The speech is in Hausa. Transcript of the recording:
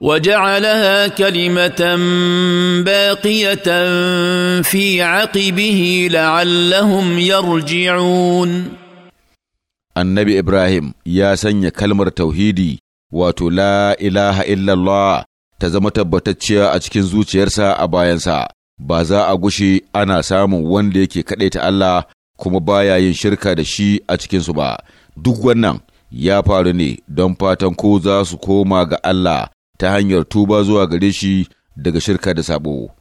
وجعلها كلمه باقيه في عقبه لعلهم يرجعون annabi ibrahim ya sanya kalmar tauhidi wato la ilaha illallah ta zama tabbatacciya a cikin zuciyarsa a bayansa ba za a gushi ana samun wanda yake kaɗaita allah kuma baya yin shirka da shi a cikinsu ba duk wannan ya faru ne don fatan ko za su koma ga allah ta hanyar tuba zuwa gare shi daga shirka da sabo.